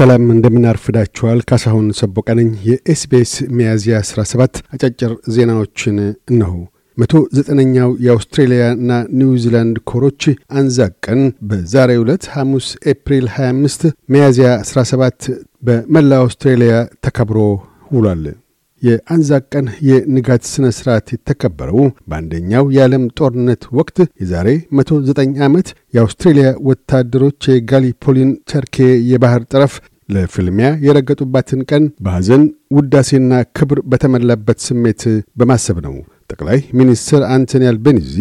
ሰላም እንደምናርፍዳችኋል። ካሳሁን ሰቦቀ ነኝ። መያዝያ ሚያዝያ 17 አጫጭር ዜናዎችን እነሆ። መቶ ዘጠነኛው ና ኒውዚላንድ ኮሮች አንዛቅ ቀን በዛሬ ዕለት ሐሙስ ኤፕሪል 25 ሚያዝያ 17 በመላ አውስትሬልያ ተከብሮ ውሏል። የአንዛቅ ቀን የንጋት ሥነ ሥርዓት የተከበረው በአንደኛው የዓለም ጦርነት ወቅት የዛሬ 109 ዓመት የአውስትሬልያ ወታደሮች የጋሊፖሊን ቸርኬ የባህር ጠረፍ ለፍልሚያ የረገጡባትን ቀን በሐዘን ውዳሴና ክብር በተሞላበት ስሜት በማሰብ ነው። ጠቅላይ ሚኒስትር አንቶኒ አልቤኒዚ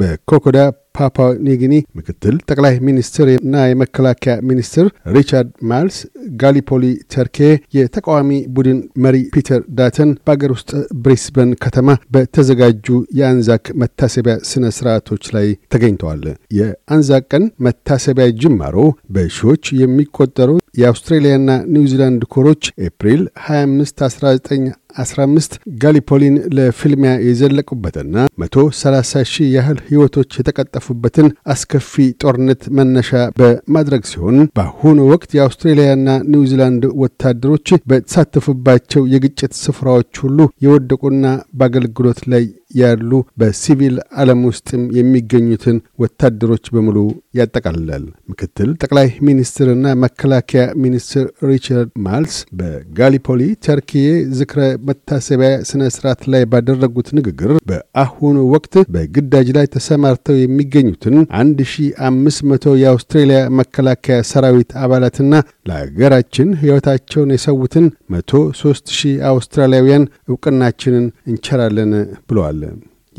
በኮኮዳ ፓፓ ኒግኒ ምክትል ጠቅላይ ሚኒስትር እና የመከላከያ ሚኒስትር ሪቻርድ ማልስ፣ ጋሊፖሊ ተርኬ የተቃዋሚ ቡድን መሪ ፒተር ዳተን በአገር ውስጥ ብሪስበን ከተማ በተዘጋጁ የአንዛክ መታሰቢያ ስነ ስርዓቶች ላይ ተገኝተዋል። የአንዛክ ቀን መታሰቢያ ጅማሮ በሺዎች የሚቆጠሩ የአውስትሬሊያና ኒውዚላንድ ኮሮች ኤፕሪል 25 ጋሊፖሊን ለፊልሚያ የዘለቁበትና 130 ሺህ ያህል ሕይወቶች የተቀጠፉበትን አስከፊ ጦርነት መነሻ በማድረግ ሲሆን በአሁኑ ወቅት የአውስትሬልያና ኒውዚላንድ ወታደሮች በተሳተፉባቸው የግጭት ስፍራዎች ሁሉ የወደቁና በአገልግሎት ላይ ያሉ በሲቪል ዓለም ውስጥም የሚገኙትን ወታደሮች በሙሉ ያጠቃልላል። ምክትል ጠቅላይ ሚኒስትርና መከላከያ ሚኒስትር ሪቻርድ ማልስ በጋሊፖሊ ተርኪዬ ዝክረ መታሰቢያ ስነ ስርዓት ላይ ባደረጉት ንግግር በአሁኑ ወቅት በግዳጅ ላይ ተሰማርተው የሚገኙትን 1500 የአውስትሬልያ መከላከያ ሰራዊት አባላትና ለሀገራችን ሕይወታቸውን የሰዉትን 103 ሺህ አውስትራሊያውያን እውቅናችንን እንቸራለን ብለዋል።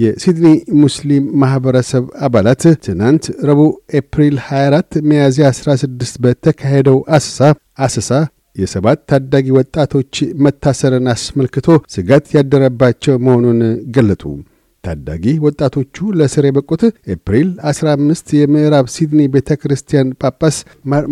የሲድኒ ሙስሊም ማህበረሰብ አባላት ትናንት ረቡዕ ኤፕሪል 24 ሚያዝያ 16 በተካሄደው አሰሳ አሰሳ የሰባት ታዳጊ ወጣቶች መታሰርን አስመልክቶ ስጋት ያደረባቸው መሆኑን ገለጡ። ታዳጊ ወጣቶቹ ለስር የበቁት ኤፕሪል 15 የምዕራብ ሲድኒ ቤተ ክርስቲያን ጳጳስ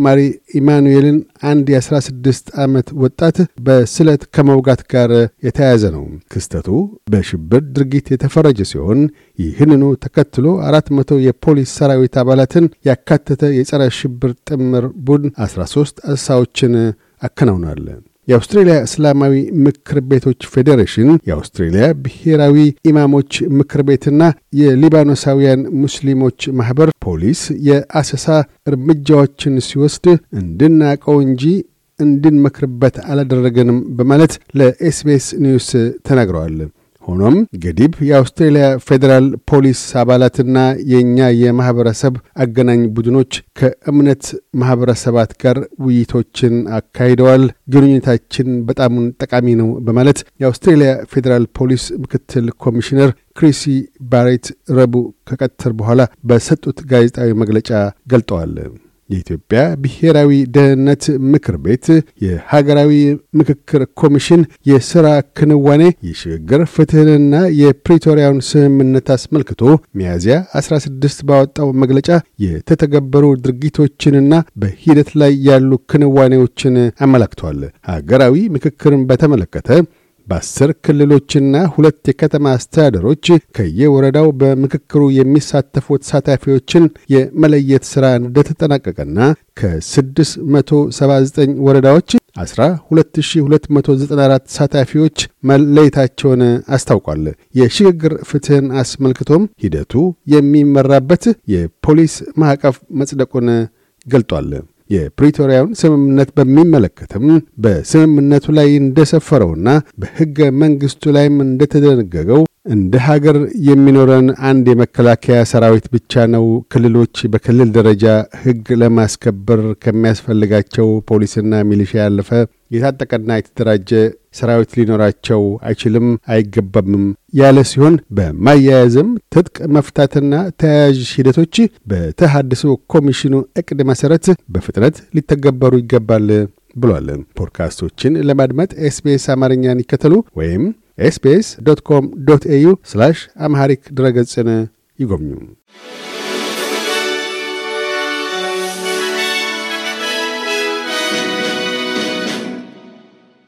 ማሪ ኢማኑኤልን አንድ የ16 ዓመት ወጣት በስለት ከመውጋት ጋር የተያያዘ ነው። ክስተቱ በሽብር ድርጊት የተፈረጀ ሲሆን ይህንኑ ተከትሎ 400 የፖሊስ ሰራዊት አባላትን ያካተተ የጸረ ሽብር ጥምር ቡድን 13 አሳዎችን አከናውኗል። የአውስትሬልያ እስላማዊ ምክር ቤቶች ፌዴሬሽን፣ የአውስትሬልያ ብሔራዊ ኢማሞች ምክር ቤትና የሊባኖሳውያን ሙስሊሞች ማኅበር ፖሊስ የአሰሳ እርምጃዎችን ሲወስድ እንድናቀው እንጂ እንድንመክርበት አላደረገንም በማለት ለኤስቤስ ኒውስ ተናግረዋል። ሆኖም ገዲብ የአውስትሬልያ ፌዴራል ፖሊስ አባላትና የእኛ የማኅበረሰብ አገናኝ ቡድኖች ከእምነት ማኅበረሰባት ጋር ውይይቶችን አካሂደዋል። ግንኙነታችን በጣም ጠቃሚ ነው በማለት የአውስትሬልያ ፌዴራል ፖሊስ ምክትል ኮሚሽነር ክሪሲ ባሬት ረቡዕ ከቀትር በኋላ በሰጡት ጋዜጣዊ መግለጫ ገልጠዋል። የኢትዮጵያ ብሔራዊ ደህንነት ምክር ቤት፣ የሀገራዊ ምክክር ኮሚሽን የሥራ ክንዋኔ፣ የሽግግር ፍትሕንና የፕሪቶሪያውን ስምምነት አስመልክቶ ሚያዝያ 16 ባወጣው መግለጫ የተተገበሩ ድርጊቶችንና በሂደት ላይ ያሉ ክንዋኔዎችን አመላክቷል። ሀገራዊ ምክክርን በተመለከተ በአስር ክልሎችና ሁለት የከተማ አስተዳደሮች ከየወረዳው በምክክሩ የሚሳተፉ ተሳታፊዎችን የመለየት ሥራ እንደተጠናቀቀና ከ679 ወረዳዎች 12294 ተሳታፊዎች መለየታቸውን አስታውቋል። የሽግግር ፍትህን አስመልክቶም ሂደቱ የሚመራበት የፖሊስ ማዕቀፍ መጽደቁን ገልጧል። የፕሪቶሪያውን ስምምነት በሚመለከትም በስምምነቱ ላይ እንደሰፈረውና በሕገ መንግሥቱ ላይም እንደተደነገገው እንደ ሀገር የሚኖረን አንድ የመከላከያ ሰራዊት ብቻ ነው። ክልሎች በክልል ደረጃ ሕግ ለማስከበር ከሚያስፈልጋቸው ፖሊስና ሚሊሻ ያለፈ የታጠቀና የተደራጀ ሰራዊት ሊኖራቸው አይችልም አይገባምም ያለ ሲሆን በማያያዝም ትጥቅ መፍታትና ተያያዥ ሂደቶች በተሃድሶ ኮሚሽኑ እቅድ መሠረት በፍጥነት ሊተገበሩ ይገባል ብሏል። ፖድካስቶችን ለማድመጥ ኤስቢኤስ አማርኛን ይከተሉ ወይም ኤስቢኤስ ዶት ኮም ዶት ኤዩ ስላሽ አምሃሪክ ድረገጽን ይጎብኙ።